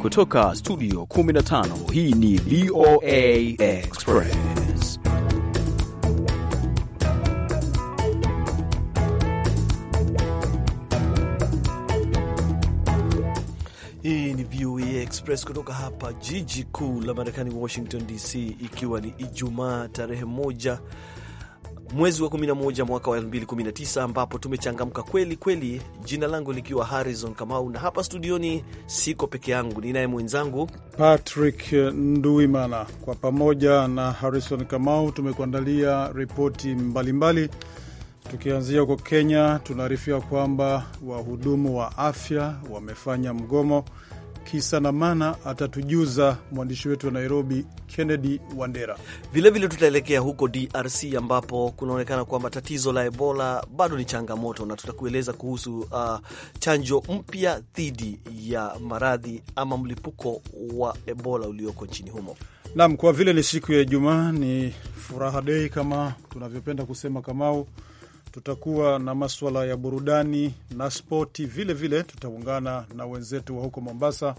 Kutoka studio 15 hii ni VOA Express. Hii ni VOA Express kutoka hapa jiji kuu la Marekani, Washington DC, ikiwa ni Ijumaa tarehe moja mwezi wa 11 mwaka wa 2019 ambapo tumechangamka kweli kweli, jina langu likiwa Harrison Kamau, na hapa studioni siko peke yangu, ninaye mwenzangu Patrick Nduimana. Kwa pamoja na Harrison Kamau tumekuandalia ripoti mbalimbali, tukianzia huko Kenya. Tunaarifiwa kwamba wahudumu wa afya wamefanya mgomo Kisanamana atatujuza mwandishi wetu wa Nairobi, Kennedy Wandera. Vilevile tutaelekea huko DRC ambapo kunaonekana kwamba tatizo la Ebola bado ni changamoto, na tutakueleza kuhusu uh, chanjo mpya dhidi ya maradhi ama mlipuko wa Ebola ulioko nchini humo. Naam, kwa vile ni siku ya Ijumaa, ni furaha dei kama tunavyopenda kusema Kamau tutakuwa na maswala ya burudani na spoti vilevile. Tutaungana na wenzetu wa huko Mombasa,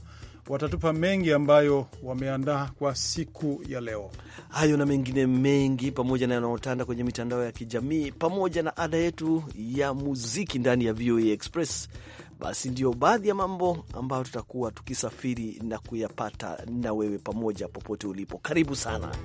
watatupa mengi ambayo wameandaa kwa siku ya leo. Hayo na mengine mengi, pamoja na yanayotanda kwenye mitandao ya kijamii, pamoja na ada yetu ya muziki ndani ya VOA Express. Basi ndiyo baadhi ya mambo ambayo tutakuwa tukisafiri na kuyapata na wewe pamoja, popote ulipo, karibu sana.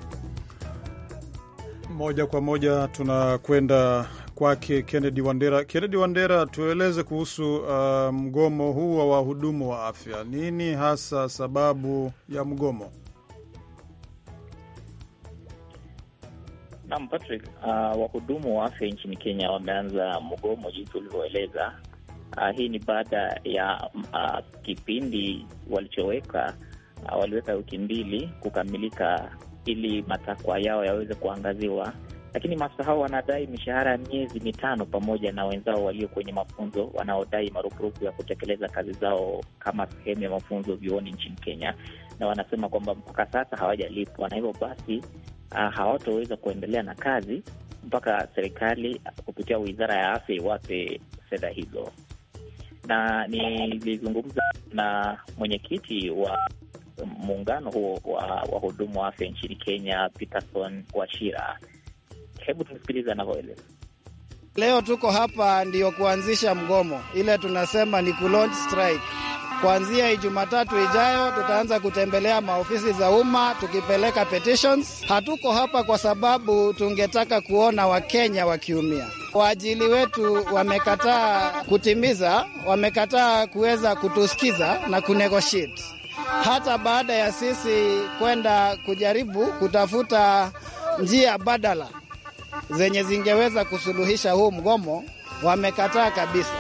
Moja kwa moja tunakwenda kwake Kennedy Wandera. Kennedy Wandera, tueleze kuhusu uh, mgomo huu wa wahudumu wa afya. Nini hasa sababu ya mgomo? Naam, Patrick, uh, wahudumu wa afya nchini Kenya wameanza mgomo jinsi ulivyoeleza. Uh, hii ni baada ya uh, kipindi walichoweka uh, waliweka wiki mbili kukamilika ili matakwa yao yaweze kuangaziwa lakini maafisa hao wanadai mishahara ya miezi mitano pamoja na wenzao walio kwenye mafunzo wanaodai marupurupu ya kutekeleza kazi zao kama sehemu ya mafunzo vyuoni nchini Kenya, na wanasema kwamba mpaka sasa hawajalipwa na hivyo basi uh, hawatoweza kuendelea na kazi mpaka serikali kupitia wizara ya afya iwape fedha hizo. Na nilizungumza na mwenyekiti wa muungano huo wa wahudumu wa afya nchini Kenya, Peterson Washira Hebu tusikilize anavyoeleza. Leo tuko hapa ndiyo kuanzisha mgomo, ile tunasema ni ku-launch strike. Kuanzia Ijumatatu ijayo tutaanza kutembelea maofisi za umma tukipeleka petitions. Hatuko hapa kwa sababu tungetaka kuona Wakenya wakiumia. Waajili wetu wamekataa kutimiza, wamekataa kuweza kutusikiza na kunegotiate, hata baada ya sisi kwenda kujaribu kutafuta njia badala zenye zingeweza kusuluhisha huu mgomo wamekataa kabisa.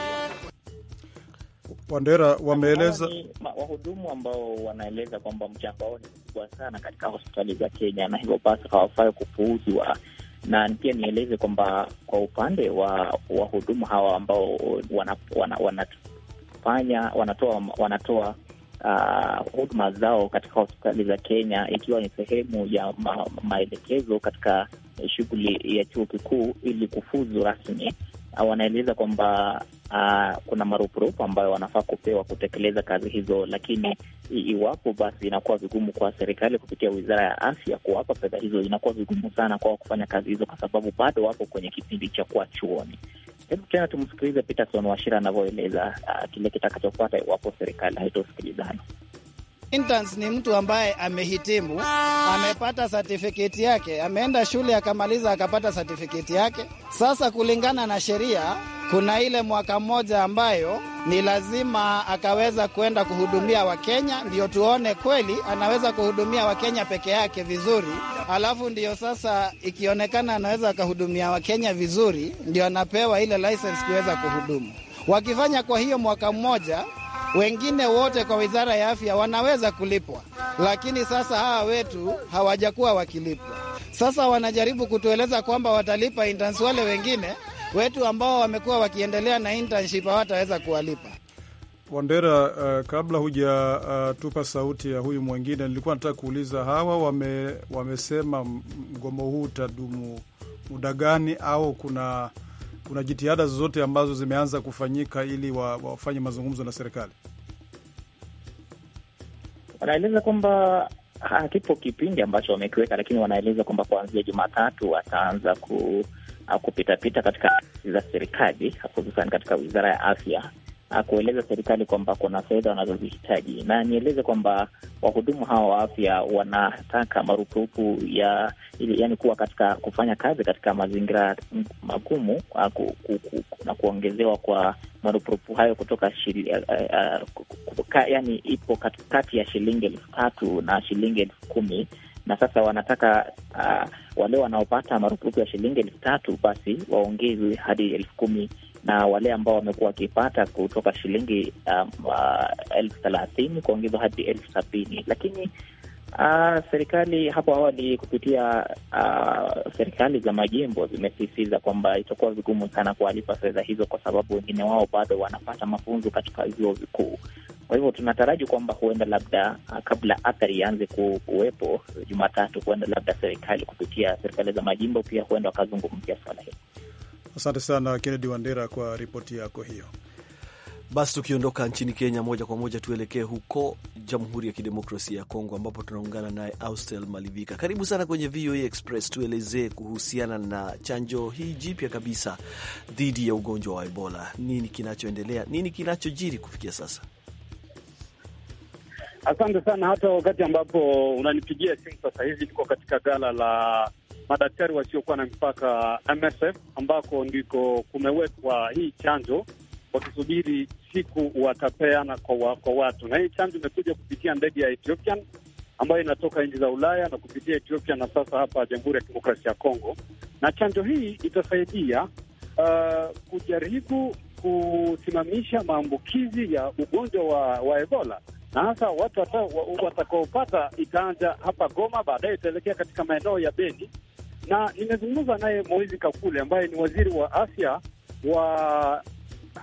Wandera wameeleza wahudumu ambao wanaeleza kwamba mchango wao ni mkubwa sana katika hospitali za Kenya na hivyo basi hawafai kupuuzwa. Na pia nieleze kwamba kwa upande wa wahudumu hawa ambao wanafanya wanatoa wanatoa Uh, huduma uh, zao katika hospitali za Kenya, ikiwa ni sehemu ya ma maelekezo katika shughuli ya chuo kikuu ili kufuzu rasmi. Uh, wanaeleza kwamba uh, kuna marupurupu ambayo wanafaa kupewa kutekeleza kazi hizo, lakini iwapo basi inakuwa vigumu kwa serikali kupitia wizara ya afya kuwapa fedha hizo, inakuwa vigumu sana kwao kufanya kazi hizo, kwa sababu bado wapo kwenye kipindi cha kuwa chuoni. Hebu tena tumsikilize Peterson Washira anavyoeleza uh, kile kitakachofuata iwapo serikali haitosikilizana. Interns ni mtu ambaye amehitimu, ah. amepata certificate yake, ameenda shule akamaliza, akapata certificate yake. Sasa kulingana na sheria, kuna ile mwaka mmoja ambayo ni lazima akaweza kuenda kuhudumia Wakenya, ndio tuone kweli anaweza kuhudumia Wakenya peke yake vizuri. Alafu ndiyo sasa ikionekana anaweza akahudumia Wakenya vizuri, ndio anapewa ile license kuweza kuhudumu. Wakifanya kwa hiyo mwaka mmoja wengine wote kwa wizara ya afya wanaweza kulipwa, lakini sasa hawa wetu hawajakuwa wakilipwa. Sasa wanajaribu kutueleza kwamba watalipa interns, wale wengine wetu ambao wamekuwa wakiendelea na internship hawataweza kuwalipa. Wandera, uh, kabla hujatupa uh, sauti ya huyu mwingine, nilikuwa nataka kuuliza hawa wame, wamesema mgomo huu utadumu muda gani, au kuna kuna jitihada zozote ambazo zimeanza kufanyika ili wa, wafanye mazungumzo na serikali? Wanaeleza kwamba hakipo kipindi ambacho wamekiweka, lakini wanaeleza kwamba kuanzia Jumatatu wataanza ku kupitapita katika za serikali hususan katika wizara ya afya kueleza serikali kwamba kuna fedha wanazozihitaji, na nieleze kwamba wahudumu hawa wa afya wanataka marupurupu ya yani kuwa katika kufanya kazi katika mazingira magumu ku, ku, ku, na kuongezewa kwa marupurupu hayo kutoka uh, uh, yani ipo katikati ya shilingi elfu tatu na shilingi elfu kumi na sasa wanataka uh, wale wanaopata marupurupu ya shilingi elfu tatu basi waongezwe hadi elfu kumi na wale ambao wamekuwa wakipata kutoka shilingi um, uh, elfu thelathini kuongezwa hadi elfu sabini lakini Uh, serikali hapo awali kupitia uh, serikali za majimbo zimesisitiza kwamba itakuwa vigumu sana kuwalipa fedha hizo, kwa sababu wengine wao bado wanapata mafunzo katika vyuo vikuu. Kwa hivyo tunataraji kwamba huenda labda, uh, kabla athari ianze kuwepo Jumatatu, huenda labda serikali kupitia serikali za majimbo pia huenda wakazungumzia swala hili. Asante sana Kennedy Wandera kwa ripoti yako hiyo. Basi tukiondoka nchini Kenya moja kwa moja tuelekee huko Jamhuri ya Kidemokrasia ya Kongo ambapo tunaungana naye Austel Malivika. Karibu sana kwenye VOA e Express, tuelezee kuhusiana na chanjo hii jipya kabisa dhidi ya ugonjwa wa Ebola. Nini kinachoendelea? Nini kinachojiri kufikia sasa? Asante sana. Hata wakati ambapo unanipigia simu sasa hivi niko katika gala la madaktari wasiokuwa na mipaka MSF, ambako ndiko kumewekwa hii chanjo, wakisubiri siku watapeana kwa, wa, kwa watu. Na hii chanjo imekuja kupitia ndege ya Ethiopian ambayo inatoka nchi za Ulaya na kupitia Ethiopia na sasa hapa Jamhuri ya Kidemokrasia ya Kongo, na chanjo hii itasaidia uh, kujaribu kusimamisha maambukizi ya ugonjwa wa, wa Ebola na hasa watu watakaopata itaanja hapa Goma, baadaye itaelekea katika maeneo ya Beni na nimezungumza naye Moizi Kakule ambaye ni waziri wa afya wa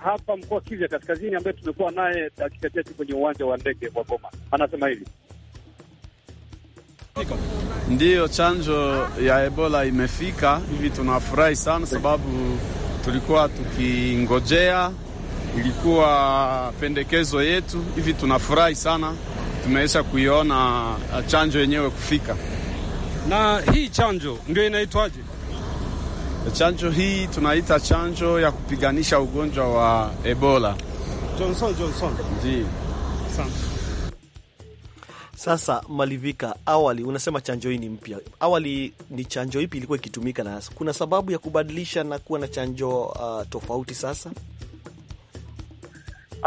hapa mkoa Kivu Kaskazini, ambaye tumekuwa naye dakika chache kwenye uwanja wa ndege wa Goma. Anasema hivi: ndiyo chanjo ya Ebola imefika hivi, tunafurahi sana sababu tulikuwa tukingojea, ilikuwa pendekezo yetu. Hivi tunafurahi sana tumeweza kuiona chanjo yenyewe kufika. Na hii chanjo ndio inaitwaje? Chanjo hii tunaita chanjo ya kupiganisha ugonjwa wa Ebola. Johnson Johnson. Ndiyo. Sasa Malivika, awali unasema chanjo hii ni mpya. Awali ni chanjo ipi ilikuwa ikitumika, na kuna sababu ya kubadilisha na kuwa na chanjo uh, tofauti sasa?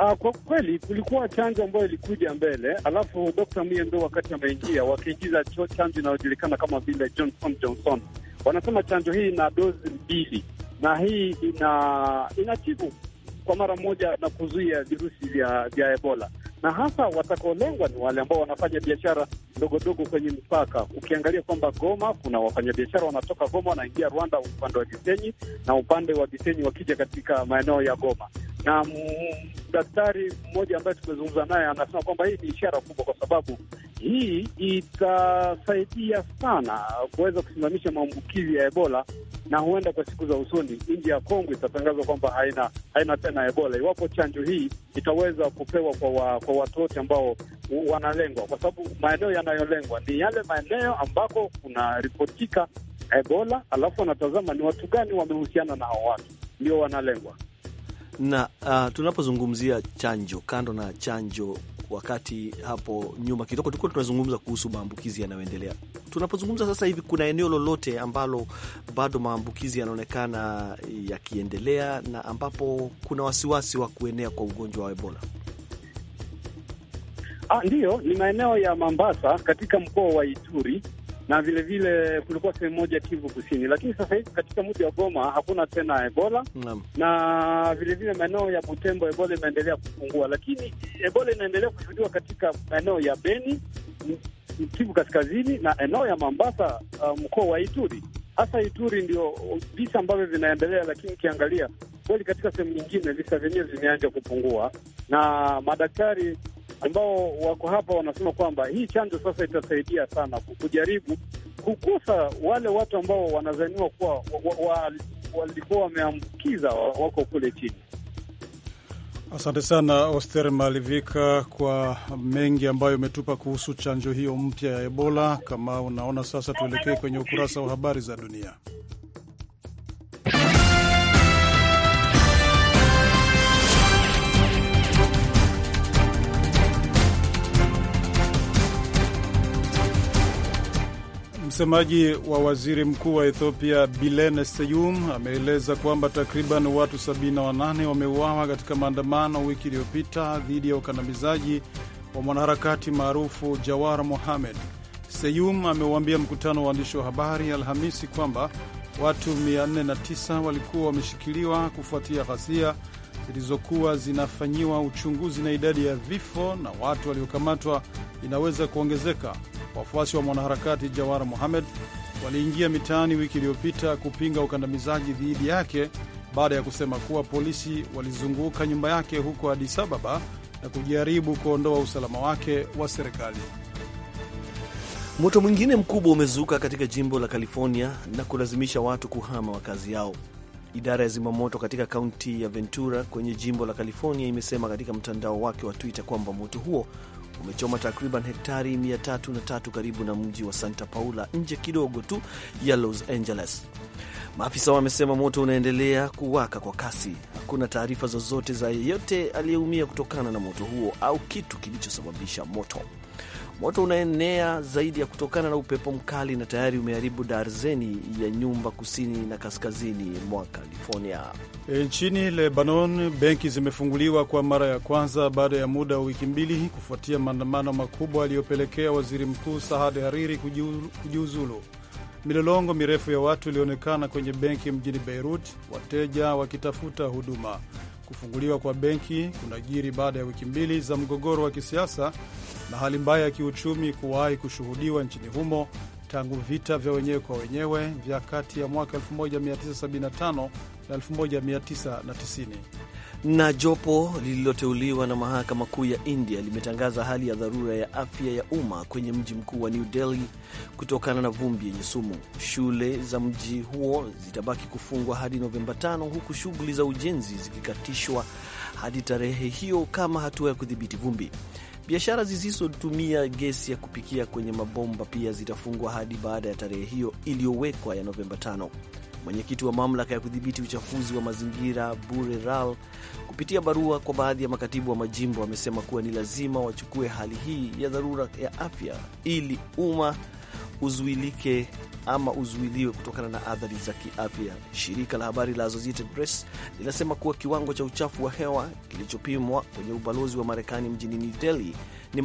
Uh, kwa kweli kulikuwa chanjo ambayo ilikuja mbele, alafu Dr. Mie ndo wakati ameingia wakiingiza chanjo inayojulikana kama vile Johnson Johnson. Wanasema chanjo hii ina dozi mbili na hii ina inatibu kwa mara moja na kuzuia virusi vya vya Ebola, na hasa watakaolengwa ni wale ambao wanafanya biashara ndogo ndogo kwenye mpaka. Ukiangalia kwamba Goma kuna wafanyabiashara wanatoka Goma wanaingia Rwanda upande wa Gisenyi na upande wa Gisenyi wakija katika maeneo ya Goma na daktari mmoja ambaye tumezungumza naye anasema kwamba hii ni ishara kubwa, kwa sababu hii itasaidia sana kuweza kusimamisha maambukizi ya Ebola, na huenda kwa siku za usoni nchi ya Kongo itatangazwa kwamba haina haina tena Ebola iwapo chanjo hii itaweza kupewa kwa, wa, kwa watu wote ambao wanalengwa, kwa sababu maeneo yanayolengwa ni yale maeneo ambako kunaripotika Ebola, alafu wanatazama ni watu gani wamehusiana na hao watu ndio wanalengwa na uh, tunapozungumzia chanjo, kando na chanjo, wakati hapo nyuma kidogo tulikuwa tunazungumza kuhusu maambukizi yanayoendelea. Tunapozungumza sasa hivi, kuna eneo lolote ambalo bado maambukizi yanaonekana yakiendelea na ambapo kuna wasiwasi wa kuenea kwa ugonjwa wa Ebola? Ah, ndiyo, ni maeneo ya mambasa katika mkoa wa Ituri na vile vile kulikuwa sehemu moja Kivu Kusini, lakini sasa hivi katika mji wa Goma hakuna tena Ebola Naam. na vile vile maeneo ya Butembo Ebola imeendelea kupungua, lakini Ebola inaendelea kushuhudiwa katika maeneo ya Beni, Kivu Kaskazini na eneo ya Mambasa, uh, mkoa wa Ituri. Hasa Ituri ndio visa ambavyo vinaendelea, lakini ukiangalia kweli katika sehemu nyingine visa vyenyewe vimeanza kupungua na madaktari ambao wako hapa wanasema kwamba hii chanjo sasa itasaidia sana kujaribu kukusa wale watu ambao wanazaniwa kuwa walikuwa wa, wa wameambukiza wako kule chini. Asante sana Oster Malivika kwa mengi ambayo umetupa kuhusu chanjo hiyo mpya ya Ebola. Kama unaona sasa, tuelekee kwenye ukurasa wa habari za dunia. Msemaji wa waziri mkuu wa Ethiopia Bilene Seyum ameeleza kwamba takriban watu 78 wameuawa katika maandamano wiki iliyopita dhidi ya ukandamizaji wa mwanaharakati maarufu Jawar Mohamed. Seyum amewaambia mkutano wa waandishi wa habari Alhamisi kwamba watu 409 walikuwa wameshikiliwa kufuatia ghasia zilizokuwa zinafanyiwa uchunguzi na idadi ya vifo na watu waliokamatwa inaweza kuongezeka. Wafuasi wa mwanaharakati Jawara Mohamed waliingia mitaani wiki iliyopita kupinga ukandamizaji dhidi yake baada ya kusema kuwa polisi walizunguka nyumba yake huko Addis Ababa na kujaribu kuondoa usalama wake wa serikali. Moto mwingine mkubwa umezuka katika jimbo la California na kulazimisha watu kuhama makazi yao. Idara ya zimamoto katika kaunti ya Ventura kwenye jimbo la California imesema katika mtandao wake wa Twitter kwamba moto huo umechoma takriban hektari 303 karibu na mji wa Santa Paula, nje kidogo tu ya Los Angeles. Maafisa wamesema moto unaendelea kuwaka kwa kasi. Hakuna taarifa zozote za yeyote aliyeumia kutokana na moto huo au kitu kilichosababisha moto. Moto unaenea zaidi ya kutokana na upepo mkali na tayari umeharibu darzeni ya nyumba kusini na kaskazini mwa California. E, nchini Lebanon, benki zimefunguliwa kwa mara ya kwanza baada ya muda wa wiki mbili kufuatia maandamano makubwa yaliyopelekea waziri mkuu Saad Hariri kujiuzulu. Milolongo mirefu ya watu ilionekana kwenye benki mjini Beirut, wateja wakitafuta huduma. Kufunguliwa kwa benki kunajiri baada ya wiki mbili za mgogoro wa kisiasa na hali mbaya ya kiuchumi kuwahi kushuhudiwa nchini humo tangu vita vya wenyewe kwa wenyewe vya kati ya mwaka 1975 na 1990. Na jopo lililoteuliwa na mahakama kuu ya India limetangaza hali ya dharura ya afya ya umma kwenye mji mkuu wa New Delhi kutokana na vumbi yenye sumu. Shule za mji huo zitabaki kufungwa hadi Novemba 5 huku shughuli za ujenzi zikikatishwa hadi tarehe hiyo kama hatua ya kudhibiti vumbi. Biashara zisizotumia gesi ya kupikia kwenye mabomba pia zitafungwa hadi baada ya tarehe hiyo iliyowekwa ya Novemba tano mwenyekiti wa mamlaka ya kudhibiti uchafuzi wa mazingira BURERAL, kupitia barua kwa baadhi ya makatibu wa majimbo amesema kuwa ni lazima wachukue hali hii ya dharura ya afya ili umma uzuilike ama uzuiliwe kutokana na athari za kiafya. Shirika la habari la Associated Press linasema kuwa kiwango cha uchafu wa hewa kilichopimwa kwenye ubalozi wa Marekani mjini New Delhi ni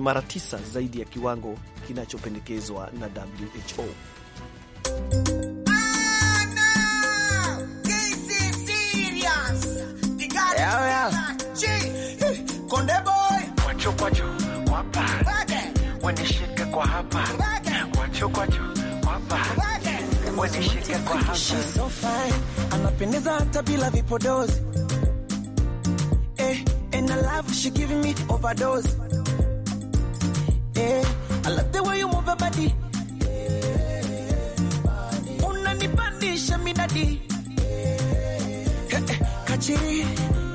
mara tisa zaidi ya kiwango kinachopendekezwa na WHO. kwacho kwapa wanishika kwa hapa kwacho kwacho kwapa wanishika kwa hapa. She's so fine, anapendeza hata bila vipodozi eh, and I love she giving me overdose eh, I love the way you move your body unanipandisha midadi eh, eh, kachiri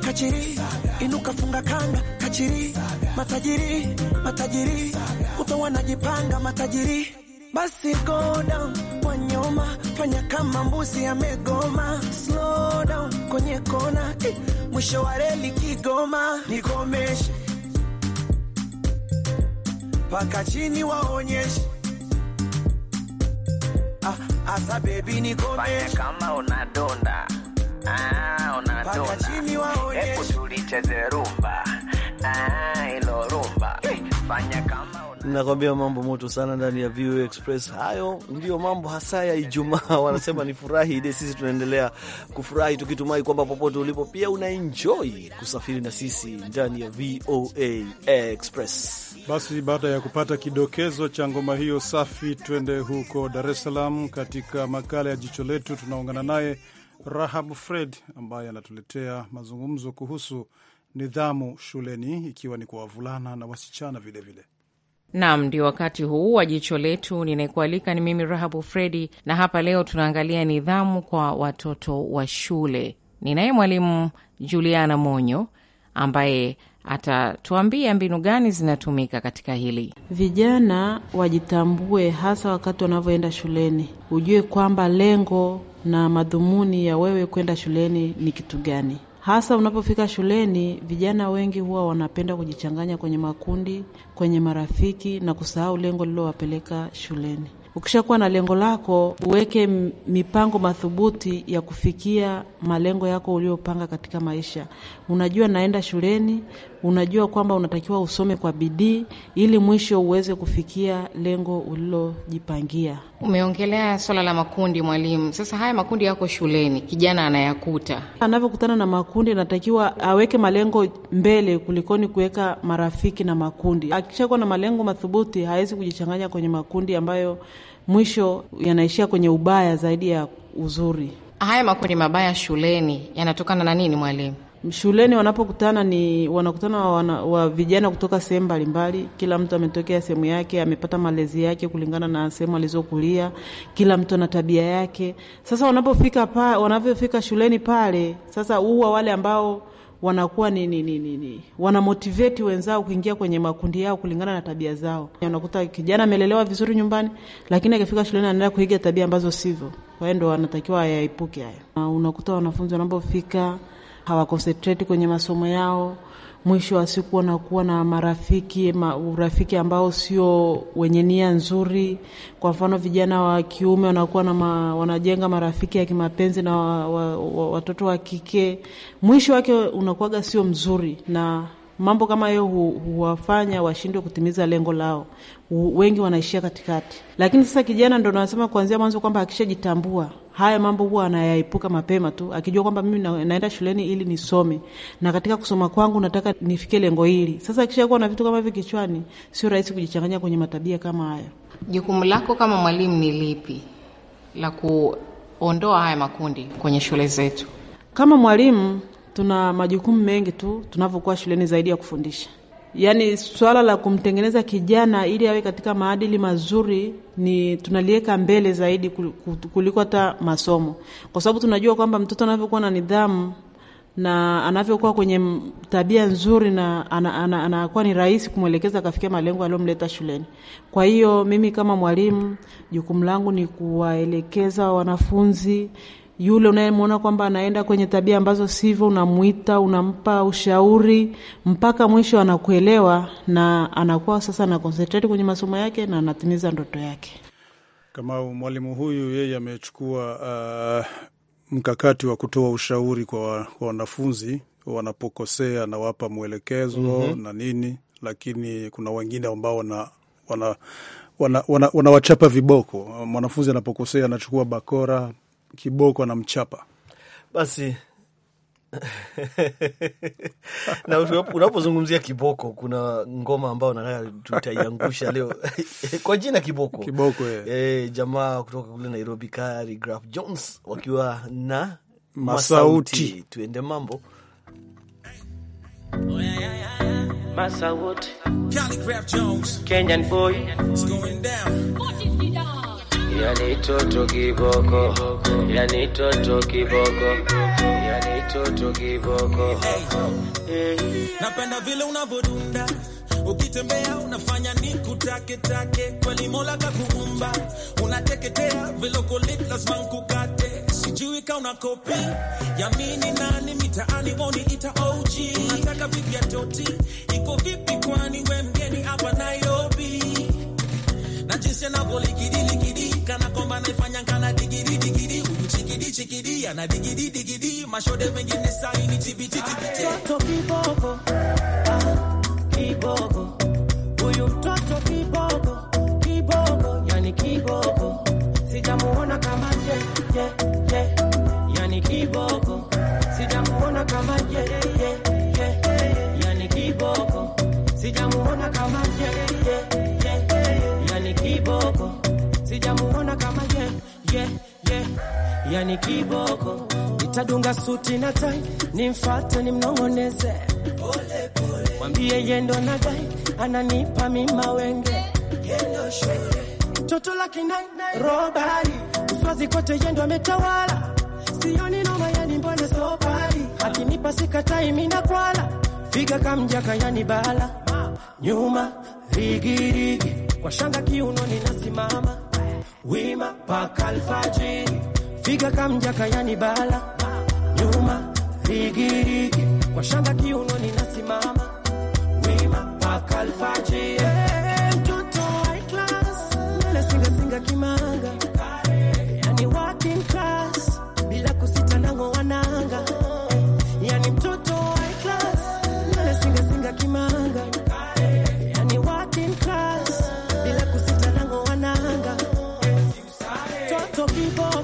kachiri inuka funga kanga matajiri, matajiri, matajiri, kuto wanajipanga matajiri. Basi go down kwa nyoma, fanya kama mbuzi amegoma. Slow down kwenye kona eh, mwisho wa reli Kigoma. Nikomeshe paka chini waonyeshe ah, asa bebi nikomeshe fanya kama unadonda Ah, unadonda. Paka chini waonyeshe. Hebu tulicheze rumba. Nakwambia mambo moto sana ndani ya VOA Express. Hayo ndio mambo hasa ya Ijumaa, wanasema ni furahi de. Sisi tunaendelea kufurahi tukitumai kwamba popote ulipo pia unaenjoy kusafiri na sisi ndani ya VOA Express. Basi baada ya kupata kidokezo cha ngoma hiyo safi, twende huko Dar es Salaam. Katika makala ya jicho letu tunaungana naye Rahab Fred ambaye anatuletea mazungumzo kuhusu nidhamu shuleni, ikiwa ni kwa wavulana na wasichana vilevile. Nam, ndio wakati huu wa jicho letu. Ninayekualika ni mimi Rahabu Fredi, na hapa leo tunaangalia nidhamu kwa watoto wa shule. Ninaye mwalimu Juliana Monyo ambaye atatuambia mbinu gani zinatumika katika hili. Vijana wajitambue, hasa wakati wanavyoenda shuleni, ujue kwamba lengo na madhumuni ya wewe kwenda shuleni ni kitu gani hasa unapofika shuleni, vijana wengi huwa wanapenda kujichanganya kwenye makundi, kwenye marafiki na kusahau lengo lililowapeleka shuleni. Ukishakuwa na lengo lako, uweke mipango madhubuti ya kufikia malengo yako uliopanga katika maisha. Unajua naenda shuleni, unajua kwamba unatakiwa usome kwa bidii ili mwisho uweze kufikia lengo ulilojipangia. Umeongelea swala la makundi, mwalimu. Sasa haya makundi yako shuleni, kijana anayakuta, anavyokutana na makundi, anatakiwa aweke malengo mbele kulikoni kuweka marafiki na makundi. Akishakuwa na malengo madhubuti, hawezi kujichanganya kwenye makundi ambayo mwisho yanaishia kwenye ubaya zaidi ya uzuri. Haya makundi mabaya shuleni yanatokana na nini, mwalimu? shuleni wanapokutana ni wanakutana wa, wana, wa vijana kutoka sehemu mbalimbali. Kila mtu ametokea sehemu yake, amepata malezi yake kulingana na sehemu alizokulia. Kila mtu ana tabia yake. Sasa wanapofika pa, wanavyofika shuleni pale, sasa huwa wale ambao wanakuwa ni, ni, ni, ni, ni. wanamotivate wenzao kuingia kwenye makundi yao kulingana na tabia zao. Unakuta kijana amelelewa vizuri nyumbani, lakini akifika shuleni anaenda kuiga tabia ambazo sivyo. Kwa hiyo ndo wanatakiwa ayaepuke haya. Unakuta wanafunzi wanapofika hawakonsentreti kwenye masomo yao. Mwisho wa siku wanakuwa na marafiki ma, urafiki ambao sio wenye nia nzuri. Kwa mfano, vijana wa kiume wanakuwa na ma, wanajenga marafiki ya kimapenzi na wa, wa, wa, watoto wa kike. Mwisho wake unakuwaga sio mzuri na Mambo kama hiyo huwafanya washindwe kutimiza lengo lao, wengi wanaishia katikati. Lakini sasa kijana ndo nasema kuanzia mwanzo kwamba akishajitambua haya mambo huwa anayaepuka mapema tu, akijua kwamba mimi na, naenda shuleni ili nisome, na katika kusoma kwangu nataka nifikie lengo hili. Sasa akishakuwa na vitu kama hivyo kichwani, sio rahisi kujichanganya kwenye matabia kama hayo. Jukumu lako kama mwalimu ni lipi la kuondoa haya makundi kwenye shule zetu? Kama mwalimu tuna majukumu mengi tu tunavyokuwa shuleni zaidi ya kufundisha. Yaani swala la kumtengeneza kijana ili awe katika maadili mazuri ni tunaliweka mbele zaidi kuliko hata masomo, kwa sababu tunajua kwamba mtoto anavyokuwa na nidhamu na anavyokuwa kwenye tabia nzuri na anakuwa ana, ana, ana, ni rahisi kumwelekeza akafikia malengo aliyomleta shuleni. Kwa hiyo mimi kama mwalimu, jukumu langu ni kuwaelekeza wanafunzi yule unayemwona kwamba anaenda kwenye tabia ambazo sivyo, unamwita, unampa ushauri mpaka mwisho anakuelewa, na anakuwa sasa na concentrate kwenye masomo yake na anatimiza ndoto yake. Kama mwalimu huyu yeye amechukua uh, mkakati wa kutoa ushauri kwa wanafunzi wanapokosea, anawapa mwelekezo mm -hmm. na nini, lakini kuna wengine ambao wana, wana, wana, wana, wanawachapa viboko. Mwanafunzi anapokosea anachukua bakora kiboko na mchapa basi. na unapozungumzia kiboko, kuna ngoma ambayo nataka tutaiangusha leo kwa jina kiboko, kiboko yeah. E, eh, jamaa kutoka kule Nairobi, Kari Graf Jones wakiwa na Masauti, Masauti. Tuende mambo Masauti. Kari Graf Jones. Kenyan boy. It's going down yani toto kiboko, yani toto kiboko, yani toto kiboko. Napenda vile unavodunda ukitembea unafanya ni kutake take, kweli Mola kakuumba, unateketea vilokoli, lazima nkukate. Sijui ka unakopi yamini nani mitaani woni ita OG, unataka vipi ya toti iko vipi? Kwani we mgeni hapa Nairobi na jinsi anavyolikidi likidi kana kwamba naifanya kana digiri digiri, chikidi chikidi ana digiri digiri, mashode mengine saini tibiti tibiti, mtoto kiboko ah, kiboko huyu mtoto kiboko kiboko, yani kiboko sijamuona kama je je je, yani kiboko sijamuona kama je je je, yani kiboko sijamuona kama sijamuona kama ye ye ye, yani kiboko. Nitadunga suti na tai, nimfate nimnong'oneze, pole pole, mwambie yendo na dai, ananipa mima wenge, yendo shule toto la kinai robari uswazi kote, yendo ametawala, sioni noma, yani mbona sobari, akinipa sikatai, mina kwala figa kamjaka, yani bala nyuma rigirigi kwa shanga kiuno ninasimama wima paka alfajiri, figa kamjaka yani bala nyuma rigirigi kwa shanga ni nasimama wima paka alfajiri people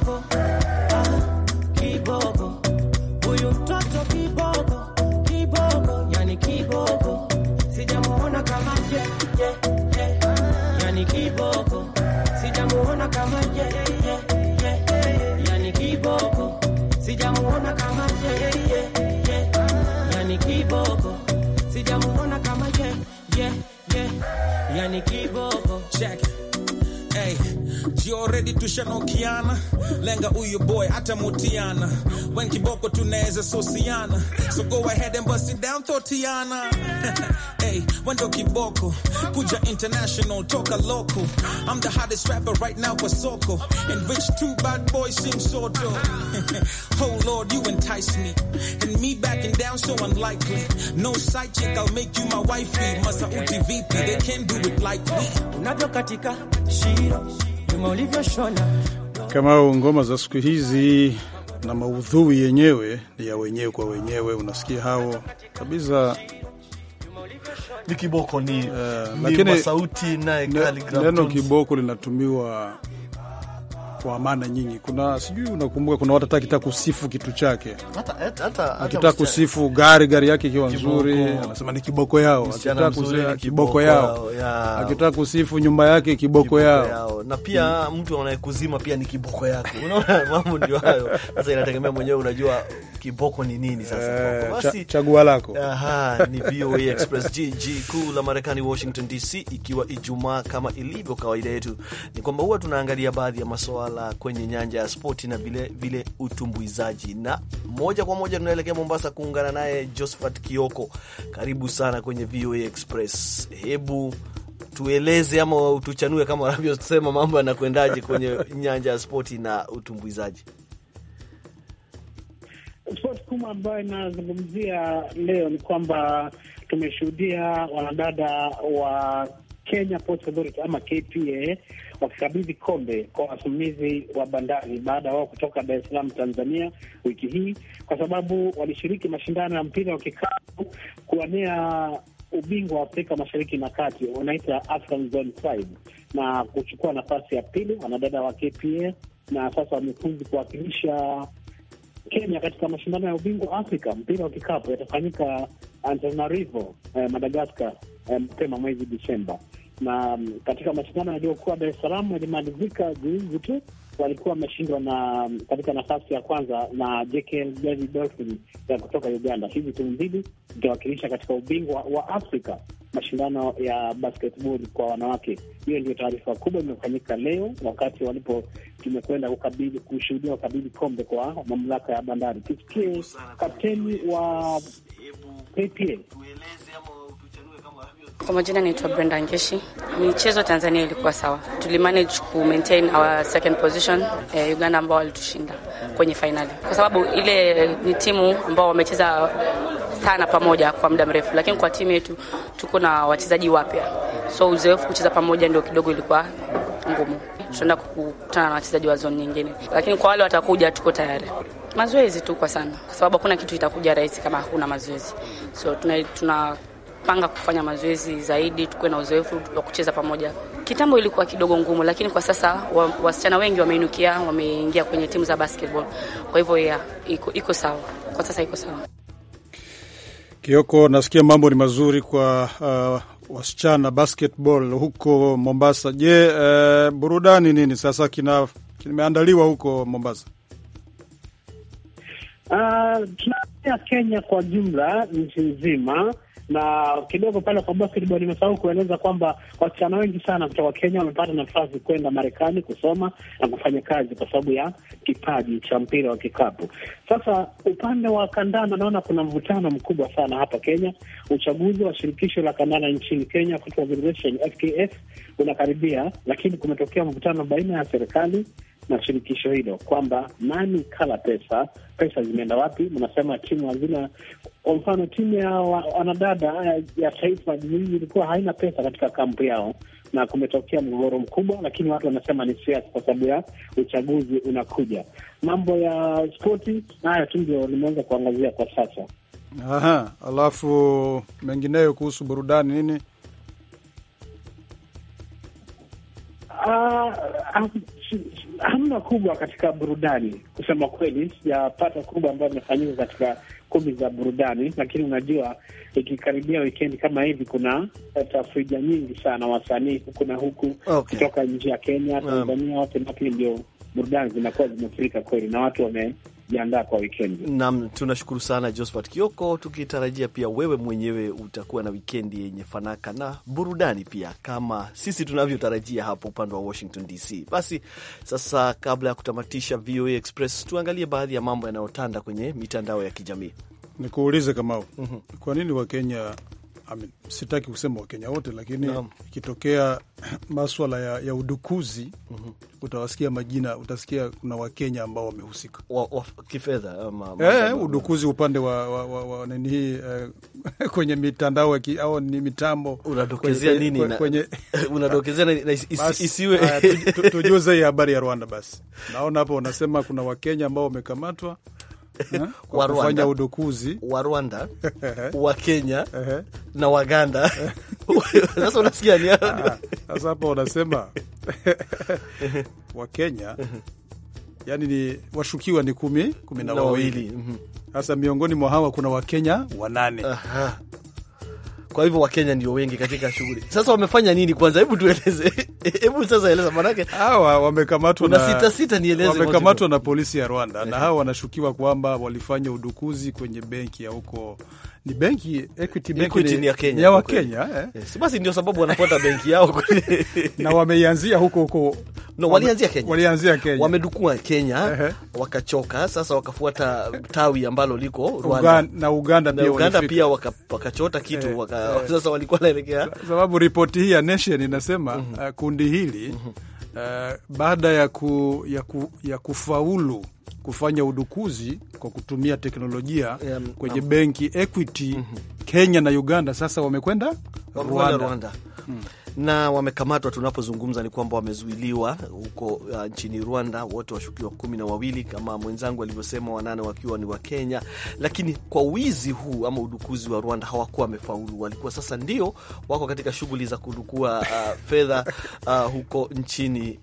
tushanokiana, lenga huyu boy Mutiana. wen kiboko tunaweza sosiana, so go ahead and bust it down totiana hey, wendo kiboko kuja international toka local, I'm the hottest rapper right now kwa soko, and rich two bad boys seem soto oh Lord, you entice me, and me backing down so unlikely, no side chick, I'll make you my wifey, masauti vipi, they can't do it like me. Unavyokatika shiro kama ulivyoshona. Kama ngoma za siku hizi na maudhui yenyewe ni ya wenyewe kwa wenyewe, unasikia hao kabisa ni kiboko, ni, uh, ni lakini, sauti naye neno kiboko linatumiwa kwa maana nyinyi, Kuna sijui unakumbuka, kuna watu atakita kusifu kitu chake, akitaka kusifu gari gari yake ikiwa nzuri, anasema ni kiboko yao, kiboko yao, akitaka kusifu nyumba yake, kiboko yao, na pia mtu anayekuzima pia ni kiboko yake. Unaona, mambo ndio hayo. Sasa inategemea mwenyewe, unajua kiboko ni nini. Sasa eh, basi, chagua lako. Aha, ni VOA Express, jiji kuu la Marekani, Washington DC, ikiwa Ijumaa kama ilivyo kawaida yetu, ni kwamba huwa tunaangalia baadhi ya masuala masuala kwenye nyanja ya spoti na vilevile utumbuizaji. Na moja kwa moja tunaelekea Mombasa kuungana naye Josephat Kioko. Karibu sana kwenye VOA Express. Hebu tueleze ama utuchanue kama wanavyosema mambo yanakwendaje kwenye nyanja ya spoti na utumbuizaji. Spoti kubwa ambayo inazungumzia leo ni kwamba tumeshuhudia wanadada wa Kenya Ports Authority ama KPA wakikabidhi kombe kwa wasimamizi wa bandari baada ya wao kutoka Dar es Salaam, Tanzania wiki hii, kwa sababu walishiriki mashindano ya mpira wa kikapu kuwania ubingwa wa Afrika Mashariki na Kati, unaita African Zone na kuchukua nafasi ya pili wanadada wa KPA, na sasa wamefuzu kuwakilisha Kenya katika mashindano ya ubingwa Afrika mpira wa kikapu yatafanyika Antananarivo, eh, Madagaskar, eh, mapema mwezi Disemba na katika mashindano yaliyokuwa Dar es Salaam yalimalizika juzi tu, walikuwa wameshindwa na katika nafasi ya kwanza na JKL Dolphin ya kutoka Uganda. Hizi timu mbili zitawakilisha katika ubingwa wa Afrika mashindano ya basketball kwa wanawake. Hiyo ndio taarifa kubwa imefanyika leo wakati walipo tumekwenda kukabidhi kushuhudia ukabidhi kombe kwa mamlaka ya Bandari. Tusikie kapteni wa KPA kwa majina naitwa Brenda Ngeshi. Michezo Tanzania ilikuwa sawa, tulimanage ku maintain our second position eh, Uganda ambao walitushinda kwenye fainali, kwa sababu ile ni timu ambao wamecheza sana pamoja kwa muda mrefu, lakini kwa timu yetu tuko na wachezaji wapya, so uzoefu kucheza pamoja ndio kidogo ilikuwa ngumu. Tunaenda kukutana na wachezaji wa zone nyingine, lakini kwa wale watakuja tuko tayari. Mazoezi tu kwa sana, kwa sababu hakuna kitu itakuja rahisi kama hakuna mazoezi, so tuna, tuna panga kufanya mazoezi zaidi, tukuwe na uzoefu wa kucheza pamoja. Kitambo ilikuwa kidogo ngumu, lakini kwa sasa wasichana wengi wameinukia, wameingia kwenye timu za basketball. Kwa hivyo ya iko, iko sawa kwa sasa, iko sawa. Kioko, nasikia mambo ni mazuri kwa uh, wasichana basketball huko Mombasa. Je, uh, burudani nini sasa kina kimeandaliwa huko Mombasa? Uh, Kenya kwa jumla nchi nzima na kidogo pale kwa basketball nimesahau kueleza kwamba wasichana wengi sana kutoka Kenya wamepata nafasi kwenda Marekani kusoma na kufanya kazi kwa sababu ya kipaji cha mpira wa kikapu. Sasa upande wa kandanda, naona kuna mvutano mkubwa sana hapa Kenya. Uchaguzi wa shirikisho la kandanda nchini Kenya, Football Federation FKF, unakaribia, lakini kumetokea mvutano baina ya serikali na shirikisho hilo kwamba nani kala pesa, pesa zimeenda wapi? Mnasema timu hazina. Kwa mfano timu ya wanadada ya taifa juzi ilikuwa haina pesa katika kampu yao, na kumetokea mgogoro mkubwa, lakini watu wanasema ni siasa kwa sababu ya uchaguzi unakuja. Mambo ya spoti nayo tu ndio limeweza kuangazia kwa sasa. Aha, alafu mengineyo kuhusu burudani nini? Uh, uh, hamna kubwa katika burudani. Kusema kweli, sijapata kubwa ambayo imefanyika katika kumbi za burudani, lakini unajua, ikikaribia wikendi kama hivi, kuna tafrija nyingi sana, wasanii huku na huku okay, kutoka ya Kenya, Tanzania, wote um, lakini ndio burudani zinakuwa zimefurika kweli na watu wame kujiandaa kwa wikendi. Naam, tunashukuru sana Josphat Kioko, tukitarajia pia wewe mwenyewe utakuwa na wikendi yenye fanaka na burudani pia kama sisi tunavyotarajia hapo upande wa Washington DC. Basi sasa, kabla ya kutamatisha VOA Express, tuangalie baadhi ya mambo yanayotanda kwenye mitandao ya kijamii. Nikuulize Kamau, mm -hmm. kwa nini Wakenya sitaki kusema Wakenya wote, lakini ikitokea maswala ya, ya udukuzi mm -hmm. Utawasikia majina, utasikia kuna Wakenya ambao wamehusika wa, wa, kifedha e, udukuzi upande wa, wa, wa, wa nini hii uh, kwenye mitandao au ni mitambo unadokezea nini kwenye, na, kwenye, na isi, bas, isiwe ah, uh, tujuze hii habari ya Rwanda basi. Naona hapo wanasema kuna Wakenya ambao wamekamatwa Eh? wa Rwanda, udukuzi wa Rwanda, wa Kenya na Waganda. Sasa unasikia ni ah, sasa hapa unasema wa Kenya yani ni washukiwa ni kumi kumi na wawili. Mhm. Sasa miongoni mwa hawa kuna Wakenya wanane. Kwa hivyo Wakenya ndio wengi katika shughuli. Sasa wamefanya nini kwanza? Hebu tueleze, hebu sasa eleza, manake hawa wamekamatwa na sita sita, nieleze, wamekamatwa na polisi ya Rwanda Na eh. hawa wanashukiwa kwamba walifanya udukuzi kwenye benki ya huko ni benki Equity, benki Equity ni ya Kenya, ya wa Kenya eh. Yes, eh, basi ndio sababu wanafuata benki yao na wameianzia huko huko no, walianzia Kenya, walianzia Kenya, wamedukua Kenya uh -huh. Wakachoka sasa, wakafuata tawi ambalo liko Rwanda na Uganda, na Uganda pia waka, wakachota kitu uh eh. -huh. Waka, eh. sasa walikuwa naelekea, sababu ripoti hii ya Nation inasema mhm. uh -huh. kundi hili uh mhm. -huh. uh, baada ya, ku, ya, ku, ya kufaulu kufanya udukuzi kwa kutumia teknolojia um, kwenye um, benki Equity mm -hmm. Kenya na Uganda sasa wamekwenda Rwanda, Rwanda. Hmm na wamekamatwa tunapozungumza, ni kwamba wamezuiliwa huko uh, nchini Rwanda, wote washukiwa kumi na wawili kama mwenzangu alivyosema, wanane wakiwa ni wa Kenya. Lakini kwa wizi huu ama udukuzi wa Rwanda hawakuwa wamefaulu, walikuwa sasa ndio wako katika shughuli za kudukua uh, fedha uh, huko nchini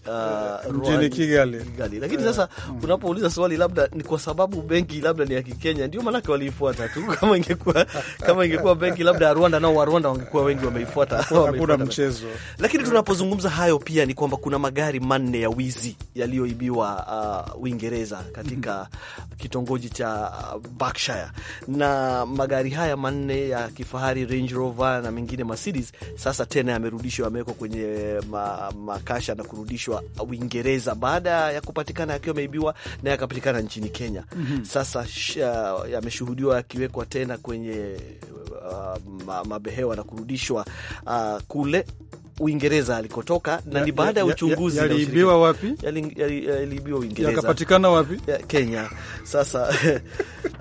uh, mjini Kigali. Kigali. Lakini sasa mm. unapouliza swali, labda ni kwa sababu benki labda ni ya Kikenya, ndio maanake waliifuata tu. Kama ingekuwa kama ingekuwa benki labda ya Rwanda, nao Warwanda wangekuwa wengi wameifuata, hakuna mchezo lakini tunapozungumza hayo pia ni kwamba kuna magari manne ya wizi yaliyoibiwa uh, Uingereza katika mhm. kitongoji cha uh, Berkshire, na magari haya manne ya kifahari Range Rover na mengine Mercedes, sasa tena yamerudishwa, yamewekwa kwenye uh, ma, makasha na kurudishwa Uingereza baada ya kupatikana yakiwa yameibiwa na yakapatikana nchini Kenya. Mhm. Sasa uh, yameshuhudiwa yakiwekwa tena kwenye uh, mabehewa na kurudishwa uh, kule Uingereza alikotoka na ni baada ya uchunguzi. Yaliibiwa wapi? Yaliibiwa Uingereza. Yakapatikana wapi? Kenya. Sasa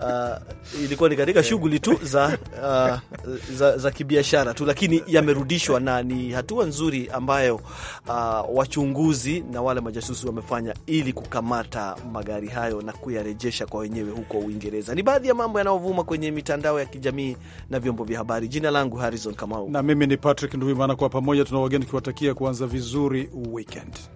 uh, ilikuwa ni katika shughuli tu za, uh, za, za kibiashara tu, lakini yamerudishwa na ni hatua nzuri ambayo uh, wachunguzi na wale majasusi wamefanya ili kukamata magari hayo na kuyarejesha kwa wenyewe huko Uingereza. Ni baadhi ya mambo yanayovuma kwenye mitandao ya kijamii na vyombo vya habari. Jina langu Harrison Kamau na mimi ni Patrick Nduimana, kwa pamoja tuna wageni tukiwatakia kuanza vizuri weekend.